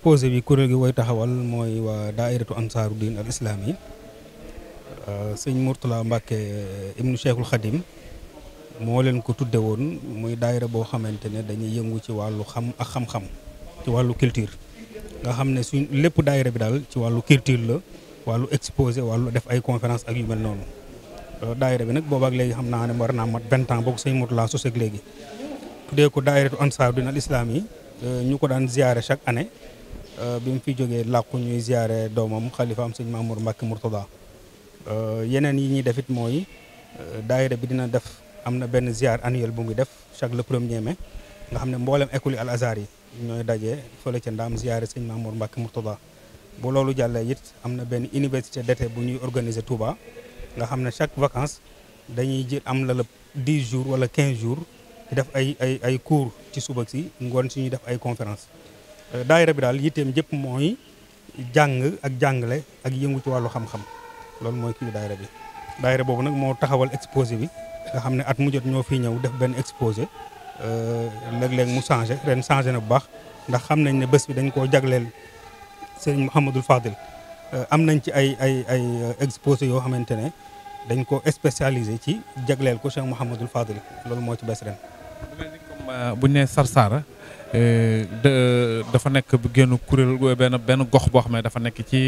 projet bi kuréel gi koy taxawal mooy waa daairatu ansaaru diin al islaam yi euh, sëñ Mourtala Mbacke euh, ibnu Cheikhul Khadim moo leen ko tudde woon muy daaira boo xamante ne dañuy yëngu ci wàllu xam ak xam-xam ci wàllu culture nga xam ne suñ lépp daaira bi daal ci wàllu culture la wàllu exposé wàllu def ay conférence ak yu mel noonu euh, daayira bi nag boobaak léegi xam naa ne war naa mat vingt ans boog sëñ Mourtala sos ak léegi tuddee ko daayiratu ansaaru diin al islaam ñu ko daan ziare chaque année Euh, bi mu fi jógee làkku ñuy ziare doomam xalifaam sëñ Mamour Mbacke Mourtada euh, yeneen yi ñuy def it mooy euh, daayira bi dina def am na benn ziar annuel bu muy def chaque le premier mai nga xam ne mboolem école yi al azhar yi ñooy daje fële ca ndaam ziare sëñ Mamour Mbacke Mourtada bu loolu jàllee it am na benn université d'été bu ñuy organiser Touba nga xam ne chaque vacance dañuy jël am la la 10 jours wala 15 jours di def ay ay ay cours ci suba si ngoon si ñuy def ay conférence Euh, daayira bi daal yitteem jëpp mooy jàng ak jàngale ak yëngu ci wàllu xam-xam loolu mooy kii daayira bi daayira boobu nag moo taxawal exposé bi nga xam ne at mu ñoo fii ñëw def benn exposé euh, léeg-léeg mu changé ren changé na bu baax ndax xam nañ ne bés bi dañ koo jagleel sëriñ Mouhamadul Fadil euh, am nañ ci ay ay ay exposé yoo xamante ne dañ ko spécialisé ci jagleel ko Cheikh Mouhamadul Fadil loolu moo ci bés ren bu ñu nee Sarsara euh, dafa nekk bu génn kuréel benn benn gox boo xam ne dafa nekk ci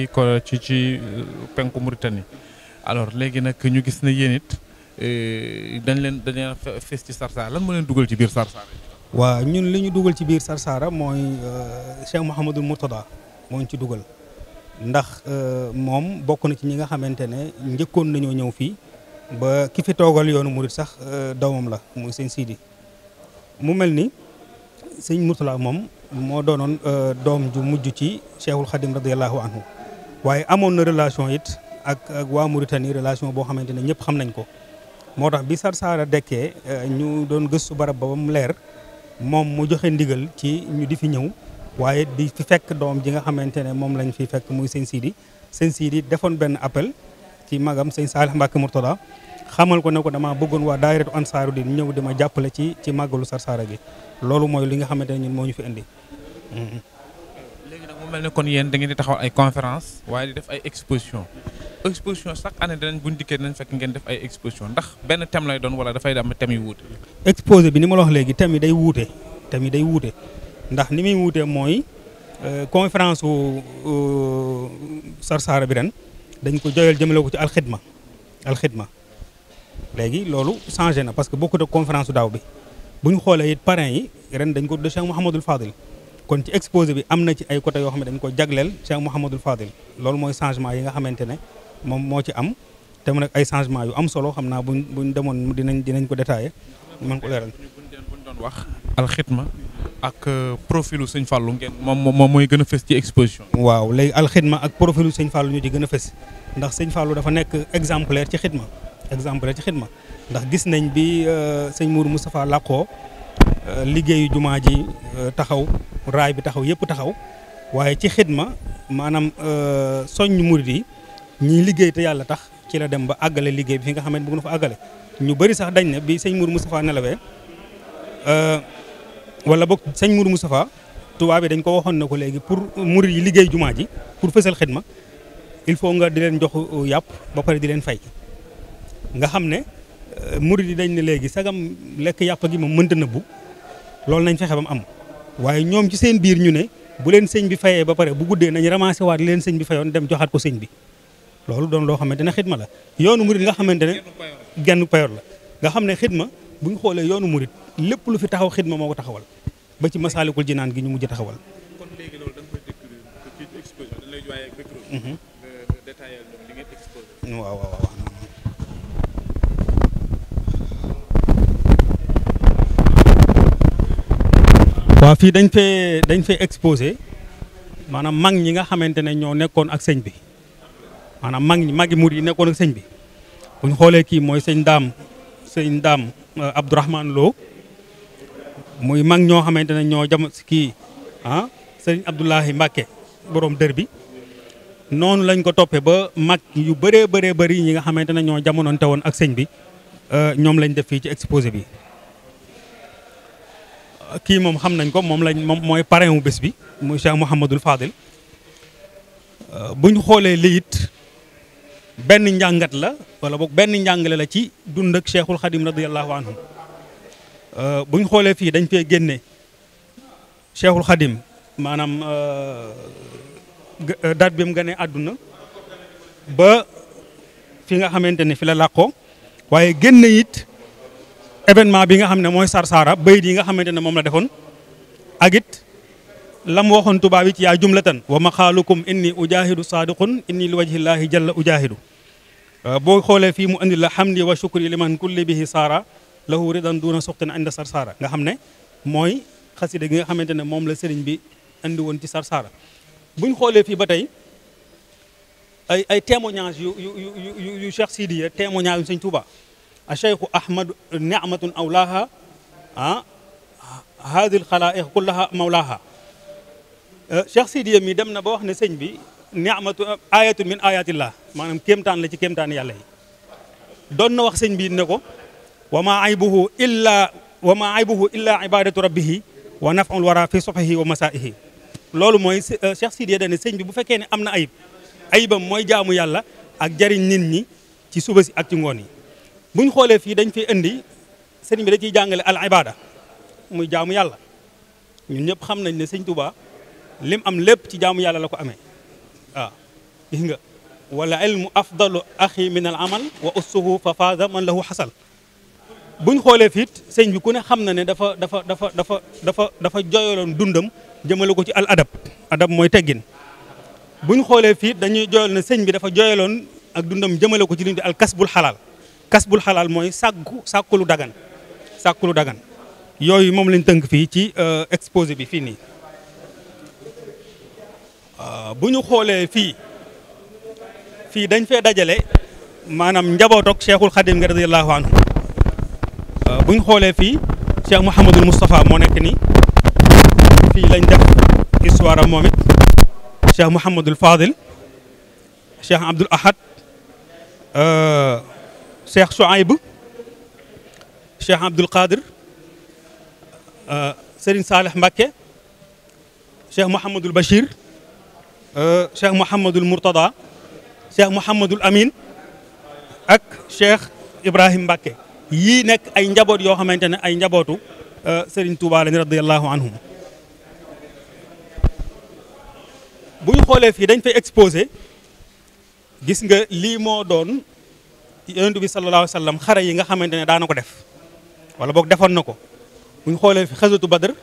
ci ci euh, penku Mauritanie alors léegi nag ñu gis ne yéen it euh, dañ leen dañ leen fees ci Sarsara lan moo leen dugal ci biir Sarsara. waaw ñun li ñu dugal ci biir Sarsara mooy Cheikh Mouhamadul Mourtada moo ñu ci dugal ndax moom bokk na ci ñi nga xamante ne njëkkoon nañoo ñëw fii ba ki fi toogal yoonu murit sax doomam la muy seen Sidi. mu mel ni sëñ Mourtala moom moo doonoon euh, doom ju mujj ci Cheikhul Khadim radiyallahu anhu waaye amoon na relation it ak ak waa Mauritanie relation boo xamante ne ñëpp xam nañ ko moo tax bi Sarsara dekkee euh, ñu doon gëstu barab ba mu leer moom mu joxe ndigal ci ñu di fi ñëw waaye di fi fekk doom ji nga xamante ne moom lañ fi fekk muy seen Sidi seen Sidi defoon benn appel ci magam sëñ Saalih Mbacke Mourtala xamal ko ne ko damaa bëggoon waa daayiratu ansaaru din ñëw di ma jàppale ci ci màggalu Sarsara gi loolu mooy li nga xamante ne ñun moo ñu fi indi. Mm-hmm. léegi nag mu mel ne kon yéen da ngeen di taxawal ay conférence waaye di def ay exposition exposition chaque année dinañ buñ dikkee dinañ fekk ngeen def ay exposition ndax benn thème lay doon wala dafay am thème yu wuute. exposé bi ni ma la wax léegi thème yi day wuute thème yi day wuute ndax ni muy wuutee mooy euh, conférence su euh, Sarsara bi ren dañ ko joyal jëmale ko ci alxidma alxidma léegi loolu changé na parce que beaucoup dee conférence daaw bi bu ñu xoolee it parrain yi ren dañ ko de Cheikh Mouhamadul Fadil kon ci exposé bi am na ci ay côté yoo xam ne dañ ko jagleel Cheikh Mouhamadul Fadil loolu mooy changement yi nga xamante ne moom moo ci am te mu nekk ay changement yu am solo xam naa buñ buñ demoon dinañ dinañ ko détaillé mën ko leeral wax alxitma ak euh, profilu sëñ Fallou ngeen moom moom mooy gën a fës ci exposition. waaw léegi alxitma ak profilu sëñ Fallou ñu ci gën a fës ndax sëñ Fallou dafa nekk exemplaire ci xitma exemple la ci xidma ndax gis nañ bi euh, sëñ Mourou Moustapha làqoo euh, liggéeyu jumaa ji euh, taxaw raay bi taxaw yëpp taxaw waaye ci xidma maanaam soññ murid yi ñi liggéey te yàlla tax ci la dem ba àggale liggéey bi fi nga xam ne na fa àggale ñu bëri sax dañ ne bi sëñ Mourou Moustapha nelawee wala boog sëñ Mourou Moustapha tubaab yi dañ ko waxoon na ko léegi pour murid yi liggéey jumaa ji pour fësal xidma il faut nga di leen jox yàpp ba pare di leen fay nga xam ne euh, murid yi dañ ne léegi sagam lekk yàpp gi moom mënta nëbbu loolu nañ fexe ba mu am waaye ñoom ci seen biir ñu ne bu leen sëñ bi fayee ba pare bu guddee nañu ramassé waat leen sëñ bi fayoon dem joxaat ko sëñ bi loolu doon loo xamante ne xidma la yoonu murid nga xamante ne genn payor la nga xam ne xidma bu ñu xoolee yoonu murid lépp lu fi taxaw xidma moo ko taxawal ba ci masaalikul jinaan gi ñu mujj taxawal mhm. waaw waaw waaw waaw fii dañ fee dañ fee exposé maanaam mag ñi nga xamante ne ñoo nekkoon ak sëñ bi maanaam mag ñi magi mur yi nekkoon ak sëñ bi bu ñu xoolee kii mooy sëñ daam sëñ daam euh, Abdourahman Lo muy mag ñoo xamante ne ñoo jam kii ah sëñ Abdoulahi Mbacke borom dër bi noonu lañ ko toppee ba mag yu bëree bëree bëri ñi nga xamante ne ñoo jamonoonte woon ak sëñ bi euh, ñoom lañ def fii ci exposé bi. kii moom xam nañ ko moom lañ moom mooy parrain wu bés bi muy Cheikh Mouhamadul Fadil euh, bu ñu xoolee lii benn njàngat la wala boog benn njàngale la ci dund ak Cheikhul Khadim radiyallahu anhu euh, bu xoolee fii dañ fee génne Cheikhul Khadim maanaam euh, date bi mu gane àdduna ba fi nga xamante ne fi la làqoo waaye génne it. événement bi nga xam ne mooy Sarsara bayit yi nga xamante ne moom la defoon ak it lam waxoon tubaab yi ci yaa jumlatan wa maxaalukum inni ujaahidu saadiqun inni li wajhillaahi jalla ujaahidu euh, boo xoolee fii mu indi la hamdi wa shukri liman kulli bihi saara lahu ridan duuna suxtin inda Sarsara nga xam ne mooy xasida gi nga xamante ne moom la sëriñ bi indi woon ci Sarsara buñ xoolee fii ba tey ay ay témoignage yu yu yu yu Cheikh Sidiya témoignage yu Sëñ tubaa الشيخ أحمد نعمة أولاها ah haadi xalaa'iq kullaha mawlaaha Cheikh Sidiya mi dem na ba wax ne sëñ bi ni'matu ayatun min ayatillah maanaam kéemtaan la ci kéemtaan yàlla yi doon na wax sëñ bi ne ko wa maa aybuhu illaa wa maa aybuhu illaa ibadatu rabbihi wa naf'ul wara fi subhihi wa masaa'ihi loolu mooy euh, Cheikh Sidiya dane sëñ bi bu fekkee ne am na ayib mooy jaamu yàlla ak jariñ nit ñi ci suba si ak ci ngoon yi buñ xoolee fii dañ fi indi sëñ bi da ciy jàngale al ibada muy jaamu yàlla ñun ñëpp xam nañ ne sëñ Touba lim am lépp ci jaamu yàlla la ko amee waaw gis nga walla ilmu afdalu axi min al amal wa ussuhu fa faaza man lahu xasal buñ xoolee fiit sëñ bi ku ne xam na ne dafa dafa dafa dafa dafa dafa joyaloon dundam jëmale ko ci al adab adab mooy teggin buñ xoolee fiit dañuy joyal ne sëñ bi dafa joyaloon ak dundam jëmale ko ci li ñu di al kasbul xalaal kas bul xalaal mooy sàkku sàkku lu dagan dagan yooyu moom lañ tënk fii ci euh, exposé bi fii nii euh, bu ñu xoolee fii fii dañ fee dajale maanaam njaboot ak cheikhul xadim nga radiallahu anhu euh, bu ñu xoolee fii cheikh mouhamadul moustapha moo nekk nii fii lañ def histoire moom it cheikh mouhamadul fadil cheikh abdul ahad cheikh Souaïb cheikh Abdoul Khadir euh, Serigne Saleh Mbacké cheikh Mouhamadul Bachir euh, cheikh Mouhamadul Mourtada cheikh Mouhamadul Amin ak cheikh Ibrahim Mbacké yi nekk ay njaboot yoo xamante ne ay njabootu euh, Serigne Touba lañ radiyallahu anhum bu ñu xoolee fii dañ fay exposé gis nga lii moo doon yonent bi sallallahu alayhi wa sallam xare yi nga xamante ne daana ko def wala boog defoon na ko bu xoolee fi xasatu badr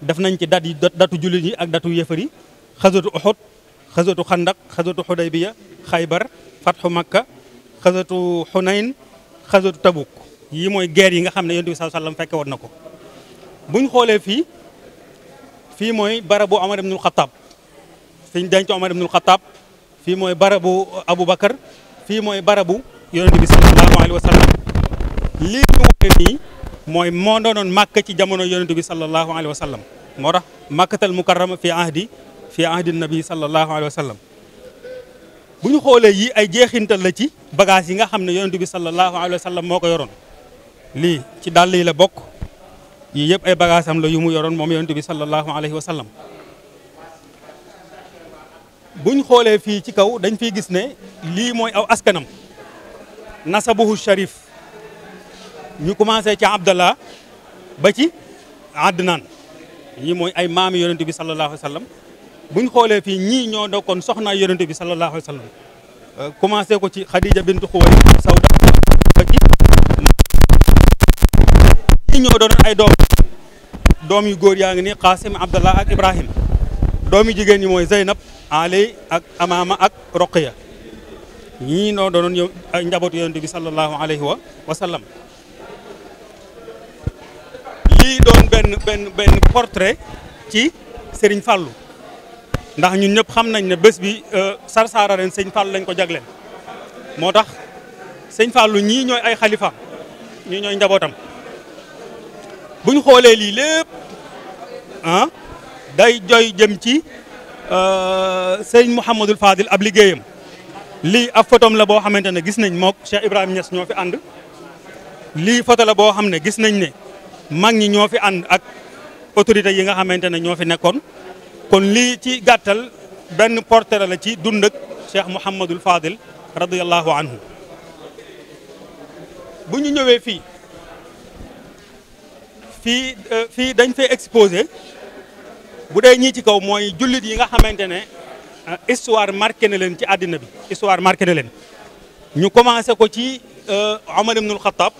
def nañ ci dat yi datu jullit yi ak datu yëfar yi xasatu uxud xasatu xandak xasatu xudaybiya xaybar fatxu makka xasatu xunayn xasatu tabuk yi mooy guerre yi nga xam ne yonent bi sallallahu fekke woon na ko bu xoolee fii fii mooy barabu Omar ibnul Xataab fi ñu denc Omar ibnul Xataab fii mooy barabu Aboubacar fii mooy barabu yonent bi sallallahu alayhi wa lii ñu wone nii mooy moo doonoon màkk ci jamono yonent bi sallallahu alayhi wa sallam moo tax màkkatal mukarrama fi ahdi fi ahdi nabi sallallahu alayhi wa bu ñu xoolee yi ay jeexintal la ci bagage yi nga xam ne yonent bi sallallahu alayhi wa moo ko yoroon lii ci dàll yi la bokk yii yëpp ay bagage la yu mu yoroon moom yonent bi sallallahu alayhi wa sallam buñ xoolee fii ci kaw dañ fiy gis ne lii mooy aw askanam nasabuhu sharif ñu commencé ci abdallah ba ci adnan ñii mooy ay maami yonente bi sallallahu alayhi wa buñ xoolee fii ñii ñoo dokkoon soxnaa yonente bi sallallahu alayhi wa euh, commencé ko ci xadija bintu xuwaylid sawda ba ci ñii ñoo doon ay doom doom yu góor yaa ngi ni qasim abdallah ak ibrahim doomi jigéen ñi mooy zeynab Ali ak Amaama ak Roqiya ñii noo doonoon yow njabootu yonent bi sallallahu alayhi wa sallam lii doon benn benn portrait ci sëriñ fàllu ndax ñun ñëpp xam nañ ne bés bi euh, sarsaara ren sëñ Fallou lañ ko jagleen moo tax sëñ Fallou ñii ñooy ay xalifaam ñii ñooy njabootam buñ xoolee lii lépp ah, day joy jëm ci. Euh, sëñ Mouhamadul Fadil ab liggéeyam lii ab photom la boo xamante ne gis nañ mook Cheikh ibrahim Niass ñoo fi ànd lii photo la boo xam ne gis nañ ne mag ñi ñoo fi ànd ak autorité yi nga xamante ne ñoo fi nekkoon kon lii ci gàttal benn portrait la ci dund ak Cheikh Mouhamadul Fadil radiyallahu anhu bu ñu ñëwee fii fii euh, dañ fay exposé bu dee ñii ci kaw mooy jullit yi nga xamante ne euh, histoire marqué na leen ci àddina bi histoire marqué na leen ñu commencé ko ci euh, Omar ibnul Xattaab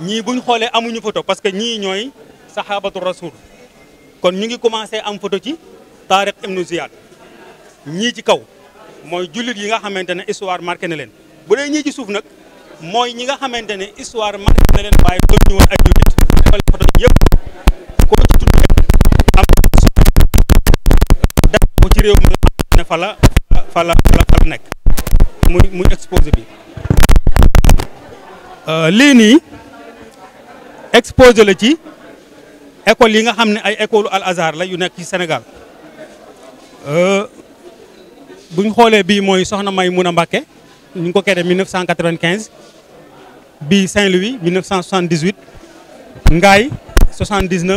ñii buñ xoolee amuñu photo parce que ñii ñooy saxaabatu rasul kon ñu ngi commencé am photo ci Taariq ibnu Ziyad ñii ci kaw mooy jullit yi nga xamante ne histoire marqué na leen bu dee ñii ci suuf nag mooy ñi nga xamante ne histoire marqué na leen waaye doon ñu woon ay jullit ci réew mi ne fa la fa la fa la nekk muy muy exposé bi euh, lii nii exposé la ci école yi nga xam ne ay école al azar la yu nekk ci Sénégal euh, buñ xoolee bii mooy soxna May Muna Mbàkke ñu ngi ko créé 1995 bii Saint-Louis 1978 Ngaay 79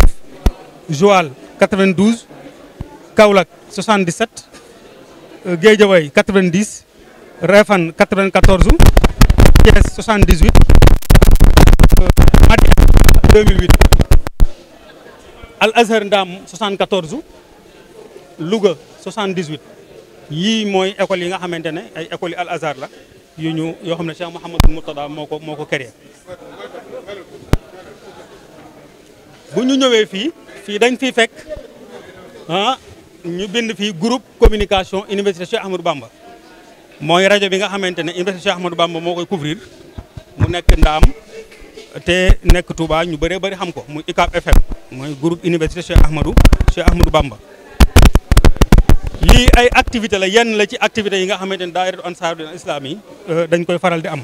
Joal 92 Kaolack 77 euh, Guédiawaye 90 Réfane 94 Thiès 78 Madiane 2008 Al Azhar Ndam 74 Louga 78 yii mooy école yi nga xamante ne ay école yi Al Azhar la yu ñu yoo ne Cheikh Mouhamadou Mourtada moo ko moo bu ñu ñëwee fii fii dañ fiy fekk ah ñu bind fii group communication université Cheikh Ahmadou Bamba mooy rajo bi nga xamante ne université Cheikh Ahmadou Bamba moo koy couvrir mu nekk ndaam te nekk Touba ñu bëree bëri xam ko muy UCAB FM mooy group université Cheikh Ahmadou Cheikh Ahmadou Bamba. lii ay activité la yenn la ci activité yi nga xamante ne daayiratu Ansaarul Islam yi euh, dañ koy faral di am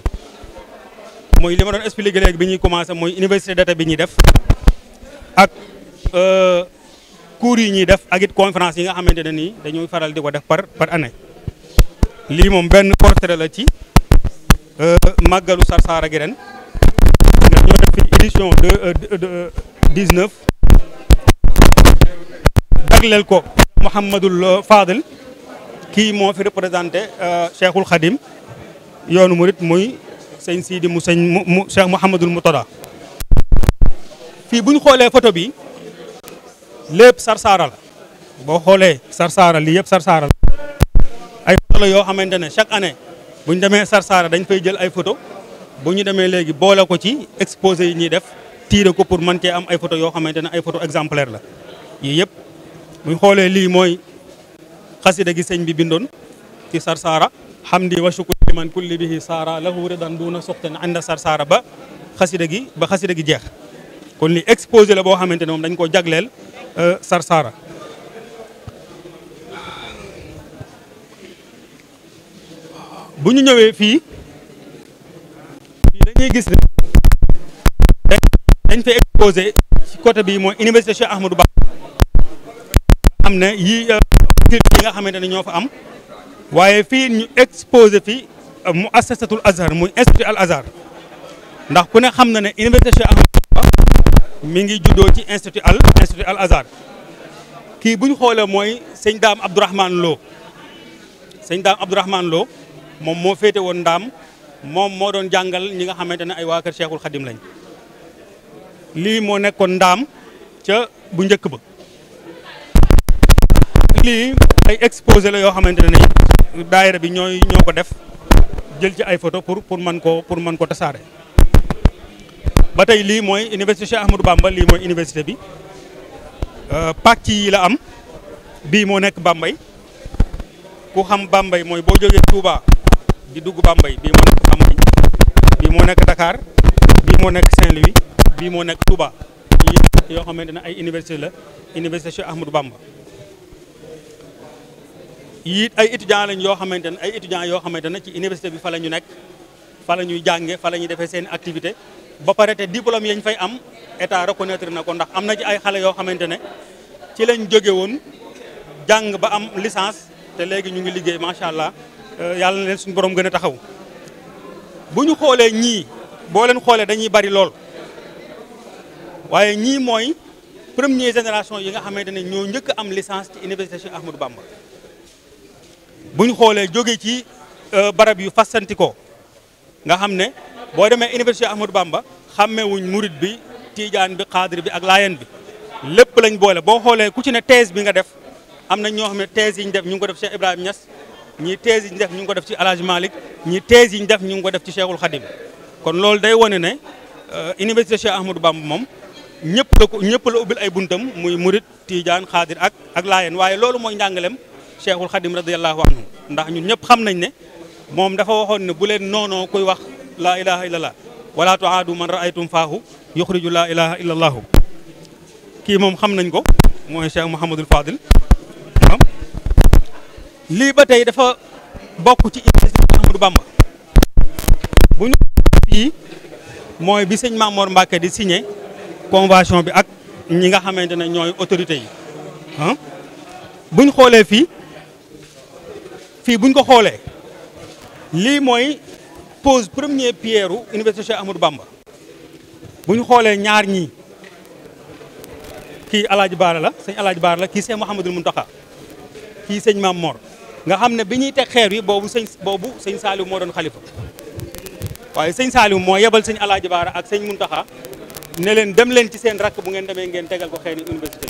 mooy li ma doon expliqué léegi bi ñuy commencé mooy université d'été bi ñuy def euh, cours yi ñuy def ak it conférence yi nga xamante ni nii dañuy faral di ko def par par année lii moom benn portrait la ci euh, màggalu Sarsara gi ren nga ñoo def fi édition de 19 euh, euh, jagleel ko Mouhamadul Fadil kii moo fi représenté Cheikhul Khadim yoonu murit muy sëñ Sidi mu sëñ mu Cheikh Mouhamadul Moutada fii bu xoolee photo bi lépp sarsaara la boo xoolee sarsaara li yëpp sarsaara la ay photo yoo xamante ne chaque année bu ñu demee sarsaara dañ fay jël ay photo bu ñu demee léegi boole ko ci exposé yi ñuy def tiire ko pour mën cee am ay photo yoo xamante ne ay photo exemplaire la yii yëpp bu xoolee lii mooy xasida gi sëñ bi bindoon ci sarsaara hamdi wa shukru liman kulli bihi saara lahu ridan duuna suxtin ànda sarsaara ba xasida gi ba xasida gi jeex kon li exposé la boo xamante ne moom dañ koo jagleel Euh, Sarsara bu ñu ñëwee fii fii dañuy gis ne dañ fa exposé ci côté bi mooy université Cheikh Ahmadou Ba am ne yi euh, yi nga xamante ne ñoo fa am waaye fii ñu exposé fi euh, mu assasatul Azhar muy institut al Azhar ndax ku ne xam na ne université Cheikh Ahmadou mi ngi juddoo ci institut al institut al azhar kii bu ñu xoolee mooy sëñ daam abdourahman loo sëñ daam abdourahman loo moom moo féete woon ndaam moom moo doon jàngal ñi nga xamante ne ay waa kër cheikhul xadim lañ lii moo nekkoon ndaam ca bu njëkk ba lii ay exposé la yoo xamante ne daayira bi ñooy ñoo ko def jël ci ay photo pour pour mën koo pour mën ko tasaare ba tey lii mooy université Cheikh Ahmadou Bamba lii mooy université bi euh, pàcc yi la am bii moo nekk Bambey ku xam Bambey mooy boo jógee Touba di dugg Bambey bii moo nekk Bambey bii moo nekk Dakar bii moo nekk Saint-Louis bii moo nekk Touba yi yoo xamante ne ay université la université Cheikh Ahmadou Bamba yi ay étudiants lañ yoo xamante ne ay étudiants yoo xamante ne ci université bi fa la ñu nekk fa la ñuy jànge fa la ñuy defee seen activité ba pare te diplôme yañ fay am état reconnaître na ko ndax am na ci ay xale yoo xamante ne ci lañ jóge woon jàng ba am licence te léegi ñu ngi liggéey macha allah euh, yàlla na leen suñ borom gën a taxaw bu ñu xoolee ñii boo leen xoolee dañuy bari lool waaye ñii mooy premier génération yi nga xamante ne ñoo njëkk am licence ci université Cheikh Ahmadou Bamba bu ñu xoolee jóge ci euh, barab yu fasantikoo nga xam ne boo demee université Ahmadou xam meewuñ murit bi tiijaan bi xaadir bi ak laayeen bi lépp lañ boole boo xoolee ku ci ne thèse bi nga def am na ñoo xam ne thèse yi ñu def ñu ngi ko def Cheikh Ibrahima Niass ñii thèse yi ñu def ñu ngi ko def ci El Hadj Malick ñii thèse yi ñu def ñu ngi ko def ci Cheikhul Khadim kon loolu day wone ne euh, université Cheikh Ahmadou Bamba moom ñëpp la ko ñëpp la ubbil ay buntam muy murit tiijaan xaadir ak ak laayeen waaye loolu mooy njàngaleem Cheikhul Khadim radiyallahu anhu ndax ñu ñëpp xam nañ ne moom dafa waxoon ne bu leen noonoo kuy wax laa ilaha illa allah wala tuaadu man raaytum faahu yuxriju laa ilaha illa kii moom xam nañ ko mooy cheikh mouhamadul fadil lii ba tey dafa bokk ci église ahmadou bamba bu bi sëñ Mamour Mbacke di signé convention bi ak ñi nga xamante ne ñooy autorité yi buñ xoolee fii fii buñ ko xoolee lii mooy pose première pierre u université Cheikh Amadou Bamba bu ñu xoolee ñaar ñii kii alaaji baara la sëñ alaaji baara la kii sëñ Mouhamadul Muntaxa kii sëñ Maam Mor nga xam ne bi ñuy teg xeer yi boobu sëñ boobu sëñ Saaliw moo doon xalifa waaye sëñ Saaliw moo yebal sëñ alaaji baara ak mun taxa ne leen dem leen ci seen rakk bu ngeen demee ngeen tegal ko xeer yi université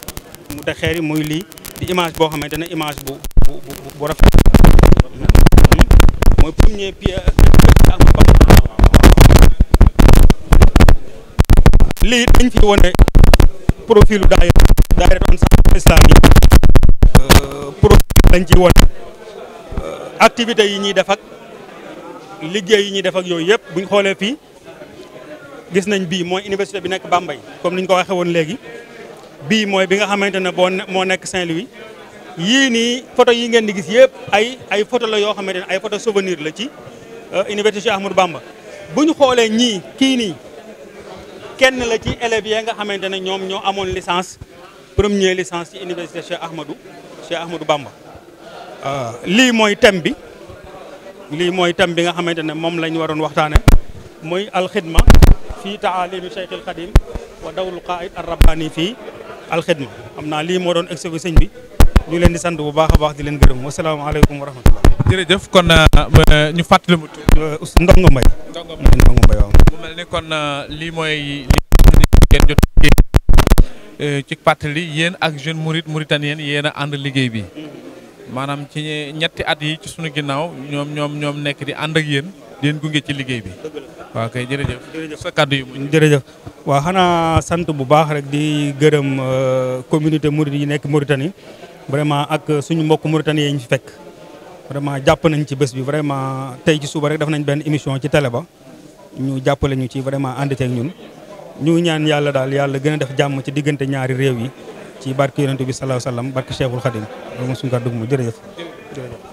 mu teg xeer yi muy lii di image boo xamante ne image bu bu bu rafet mooy lii dañ fi wane profilu daayira daayira Ansaaru Islam yi euh, profil ci wane euh, yi ñuy defak ak liggéey yi ñuy def ak yooyu yëpp buñ xoolee fii gis nañ bii mooy université bi nekk Bambey comme ni ko waxee woon léegi bii mooy bi nga xamante ne boo moo nekk Saint-Louis yii nii photo yi ngeen di gis yëpp ay ay photo la yoo xamante ne ay photo souvenir la ci Euh, université Cheikh Ahmadou Bamba bu ñu xoolee ñii kii nii kenn la ci élèves yi nga xamante ne ñoom ñoo amoon licence première licence ci université Cheikh Ahmadou Cheikh Ahmadou Bamba. Euh, lii mooy thème bi lii mooy thème bi nga xamante ne moom la ñu waroon waxtaanee mooy alxidma fii taalimi Cheikh al Xadim wa dawlu qaid ar rabbani fii alxidma xam naa lii moo doon exposé sëñ bi ñu leen di sant bu baax a baax di leen gërëm wasalaamaaleykum wa rahmatullah jërëjëf kon euh, ñu fàttali mu tudd euh, Ndongo waaw mu mel ni kon euh, lii mooy li ngeen jot ci fàttali yéen ak jeune murit mauritanien yéen a ànd liggéey bi maanaam ci ñetti at yi ci suñu ginnaaw ñoom ñoom ñoom nekk di ànd ak yéen di leen gunge ci liggéey bi waaw kay jërëjëf sa kàddu yi jërëjëf waaw xanaa sant bu baax rek di gërëm communauté murit yi nekk Mauritanie vraiment ak suñu mbokk mauritanien yi ñu fi fekk vraiment jàpp nañ ci bés bi vraiment tey ci suba rek def nañ benn émission ci télé ba ñu jàppale ñu ci vraiment ànd ceeg ñun ñu ñaan yàlla daal yàlla gën a def jàmm ci diggante ñaari réew yi ci barke yonent bi salaahu salaam barke Cheikhul Khadim loolu mooy dugg moo gi jërëjëf jërëjëf